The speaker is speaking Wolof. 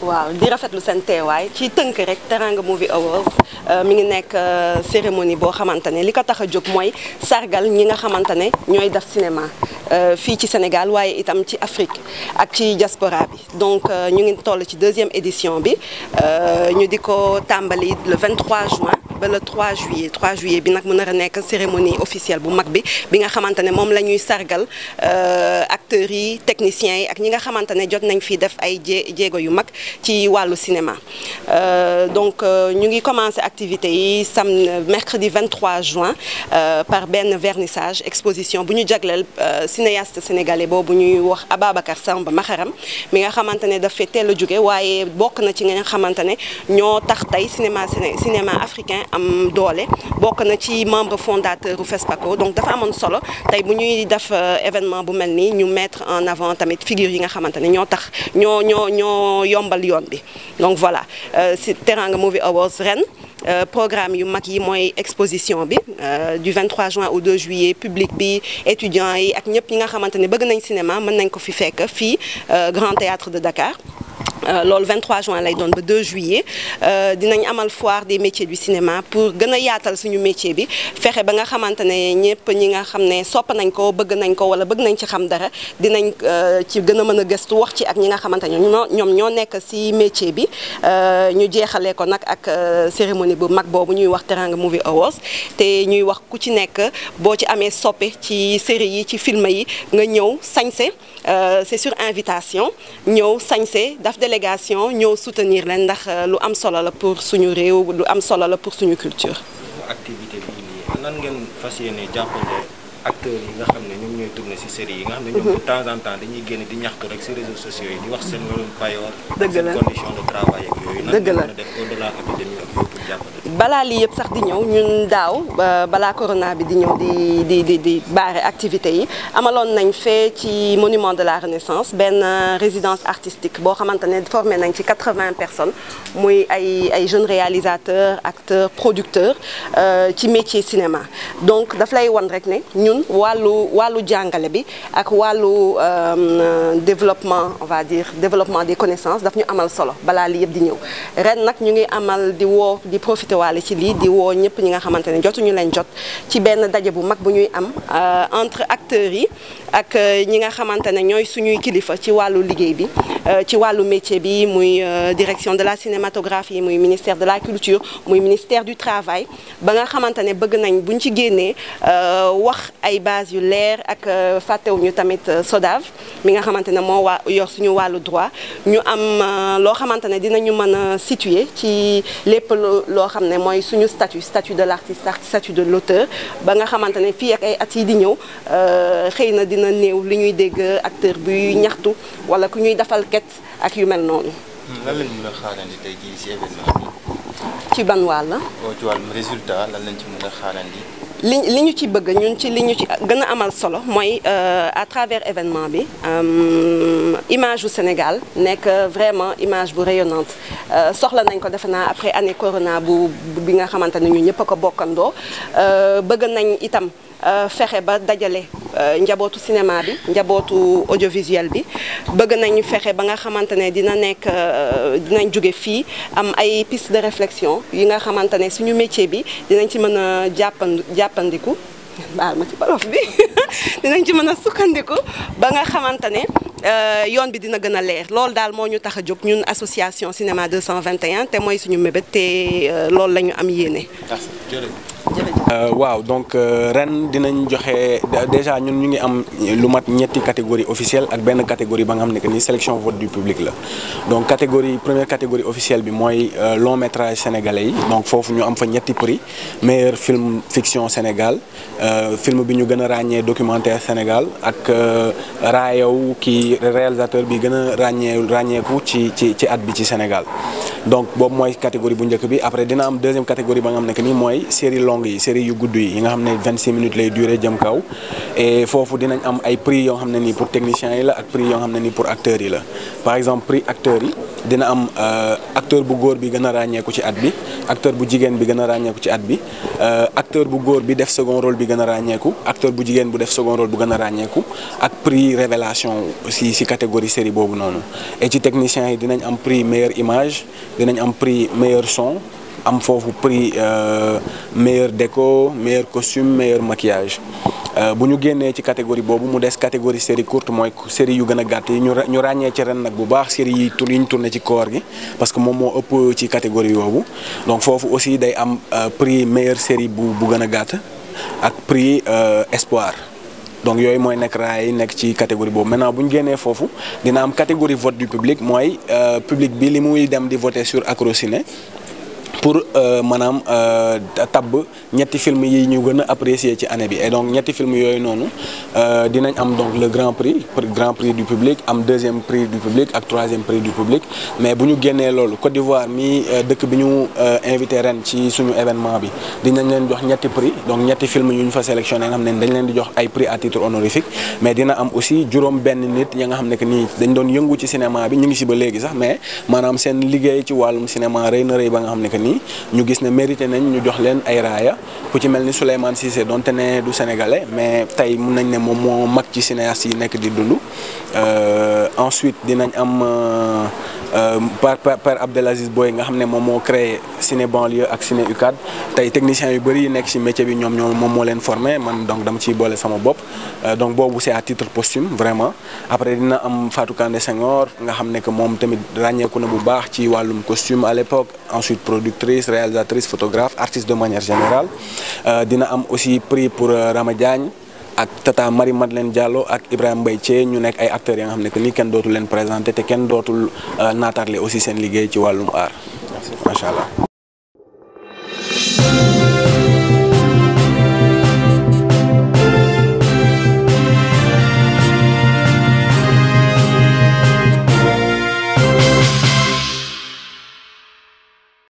waaw di rafetlu seen teewaay ci tënk rek Teranga Movie Awards euh, mi ngi nekk euh, cérémonie boo xamante ne li ko tax a jóg mooy sargal ñi nga xamante ne ñooy def cinéma euh, fii ci Sénégal waaye itam ci Afrique ak ci diaspora bi donc ñu ngi toll ci deuxième édition bi ñu di ko tàmbali le 23 juin. ba le 3 juillet 3 juillet bi nag mu nar a nekk cérémonie officielle bu mag bi bi nga xamante ne moom la ñuy sargal euh, acteurs yi techniciens yi ak ñi nga xamante ne jot nañ fi def ay jé jéego yu mag ci wàllu cinéma euh, donc euh, ñu ngi commencé activité yi sam mercredi 23 juin par benn vernissage exposition bu ñu jagleel cinéaste sénégalais boobu ñuy wax Ababacar Samba Maxaram mi nga xamante ne daf teel a jóge waaye bokk na ci nga xamante ne ñoo tax tey cinéma cinéma africain am doole bokk na ci membre fondateur u FESPACO donc dafa amoon solo tey bu ñuy def euh, événement bu mel nii ñu mettre en avant tamit figure yi nga xamante ne ñoo tax ñoo ñoo ñoo yombal yoon bi donc voilà euh, si Teranga Movie Awards ren euh, programme yu mag yi mooy exposition bi du 23 juin au 2 juillet public bi étudiants yi ak ñëpp yi nga xamante ne bëgg nañ cinéma mën nañ ko fi fekk fii Grand Théâtre de Dakar Euh, loolu 23 juin lay doon ba 2 juillet euh, dinañ amal foire des métier du cinéma pour gën yaatal suñu métier bi fexe ba nga xamante ne ñëpp ñi nga xam ne sopp nañ ko bëgg nañ ko wala bëgg nañ ci xam dara dinañ euh, ci gën a mën a gëstu wax ci ak ñi nga xamante ne ñoom ñoo nekk si métier bi ñu jeexale ko nag ak cérémonie bu mag boobu ñuy wax Teranga Movie Awards te ñuy wax ku ci nekk boo ci amee soppe ci série yi ci film yi nga ñëw sañse c'est sur invitation ñëw sañse délégation ñëw soutenir leen ndax euh, lu am solo la pour suñu réew lu am solo la pour suñu culture. activité bi nan ngeen fas yéene jàppale acteurs yi nga xam ne ñoom ñooy tourné ci série yi nga xam ne ñoom mhm. de temps en temps dañuy génn di ñaxtu rek ci réseaux sociaux yi di wax seen wàllum payoor. dëgg la condition de travail ak yooyu. dëgg la nan ngeen mën a def au delà épidémie balaa lii yëpp sax di ñëw ñun daaw balaa corona bi di ñëw di di di di baare activité yi amaloon nañ fee ci monument de la renaissance benn résidence artistique boo xamante ne formé nañ ci 80 personnes muy ay ay jeunes réalisateurs acteurs producteurs euh, ci métier cinéma donc daf lay wan rek ne ñun wàllu wàllu jàngale bi ak wàllu euh, développement on va dire développement des connaissances daf ñu amal solo balaa lii yëpp di ñëw ren nag ñu ngi amal di woo di profité waale ci lii di woo ñëpp ñi nga xamante ne jotuñu leen jot ci benn daje bu mag bu ñuy am euh, entre acteurs yi ak euh, ñi nga xamante ne ñooy suñuy kilifa ci wàllu liggéey bi Euh, ci wàllu métier bi muy euh, direction de la cinématographie muy ministère de la culture muy ministère du travail ba nga xamante ne bëgg nañ buñ ci génnee euh, wax ay base yu leer ak fàttewuñu tamit SODAV mi nga xamante ne moo waa yor suñu wàllu droit ñu am loo xamante ne dinañu mën a situer ci lépp loo xam ne mooy suñu statut statut de l'artiste statut de l'auteur ba nga xamante ne fii ak ay at yi di ñëw xëy na dina néew li ñuy dégg acteur buy ñaxtu wala ku ñuy defal ak yu mel noonu. Hmm, lan lañ mën a xaarandi tey jii si événement bi. ci ban wàll. Oh, ci wàllum résultat lan lañ ci mën a xaarandi. li li ñu ci bëgg ñun ci li ñu ci gën a amal solo mooy euh, à travers événement bi euh, image bu Sénégal nekk vraiment image bu rayonnante euh, soxla nañ ko defe naa après année corona bu bi nga xamante ne ñun ñëpp a ko bokkandoo bëgg nañ itam fexe ba dajale. Euh, njabootu cinéma bi njabootu audiovisuel bi bëgg nañu fexe ba nga xamante ne dina nekk euh, dinañ jóge fii am ay piste de réflexion yi nga xamante ne suñu métier bi dinañ ci mën a jàppan jàppandiku baal ma ci borof bi dinañ ci mën a sukkandiku ba nga xamante ne euh, yoon bi dina gën a leer loolu daal moo ñu tax a jóg ñun association cinéma 221 te mooy suñu mébét te loolu la ñu am yéene Euh, waaw donc euh, ren dinañ joxe déjà ñun ñu ngi am lu mat ñetti catégorie officielle ak benn catégorie ba nga xam ne que ni sélection vote du public la donc catégorie première catégorie officielle bi mooy euh, long métrage sénégalais yi donc foofu ñu am fa ñetti prix meilleur film fiction Sénégal film bi ñu gën a ràññee documentaire Sénégal ak raayaw kii réalisateur bi gën a ràññee ràññeeku ci ci ci at bi ci Sénégal donc boobu mooy catégorie bu njëkk bi après dina am deuxième catégorie ba nga xam ne que ni mooy série longue yi série yu gudd yi yi nga xam ne 26 minutes lay durée jëm kaw et foofu dinañ am ay prix yoo xam ne nii pour techniciens yi la ak prix yoo xam ne nii pour acteurs yi la par exemple prix acteurs yi dina am euh, acteur bu góor bi gën a ràññeeku ci at bi acteur bu jigéen bi gën a ràññeeku ci at bi euh, acteur bu góor bi def second rôle bi gën a ràññeeku acteur bu jigéen bu def second rôle bu gën a ràññeeku ak prix révélation si si catégorie série boobu noonu techniciens yi dinañ am prix meilleure image dinañ am prix meilleur son am foofu prix euh, meilleur déco meilleur costume meilleur maquillage euh, bu ñu génnee ci catégorie boobu mu des catégorie série courte mooy série yu gën a gàtt yi ñu ñu ràññee ci ren nag bu baax série yi tur yi ñu tourné ci koor gi parce que moom moo ëpp ci catégorie boobu donc foofu aussi day am euh, prix meilleure série bu bu gën a gàtt ak prix espoir donc yooyu mooy nekk raaya yi nekk ci catégorie boobu maintenant bu ñu génnee foofu dina am catégorie vote du public mooy euh, public bi li muy dem di voter sur Acrociné pour euh, maanaam euh, tabb ñetti film yi ñu gën a apprécier ci année bi et donc ñetti film yooyu noonu euh, dinañ am donc le grand prix grand prix du public am deuxième prix du public ak mais bu ñu génnee loolu Côte d'Ivoire mi dëkk bi ñu invité ren ci suñu événement bi dinañ leen jox ñetti prix donc ñetti film yu ñu fa sélectionné nga xam ne dañ leen di jox ay prix à titre honorifique mais dina am aussi juróom benn nit ya nga xam ne que nii dañ doon yëngu ci cinéma bi ñu ngi ci léegi sax mais maanaam seen liggéey ci wàllum cinéma rëy ne que nii ñu gis ne mérité nañ ñu jox leen ay raaya ku ci mel ni Souleymane Cissé donte ne du sénégalais mais tey mun nañ ne moom moo mag ci cinéaste yi nekk di dund euh, ensuite dinañ am euh, euh, par par Abdelaziz Boye nga xam ne moom moo créé ciné banlieue ak ciné UCAD tey techniciens yu bëri yi nekk ci métier bi ñoom ñoom moom moo leen formé man donc dama ciy boole sama bopp donc boobu c'est à titre posthume vraiment après dina am Fatou Kandé Senghor nga xam ne moom tamit ràññeeku actrice réalisatrice photographe artiste de manière générale euh, dina am aussi prix pour euh, Rama Diagne ak tata Marie leen Diallo ak ibrahim Mbaye Thié ñu nekk ay acteurs yi nga xam ne que ni kenn dootul leen présenté te kenn dootul euh, naataale aussi seen liggéey ci wàllum aar macha allah.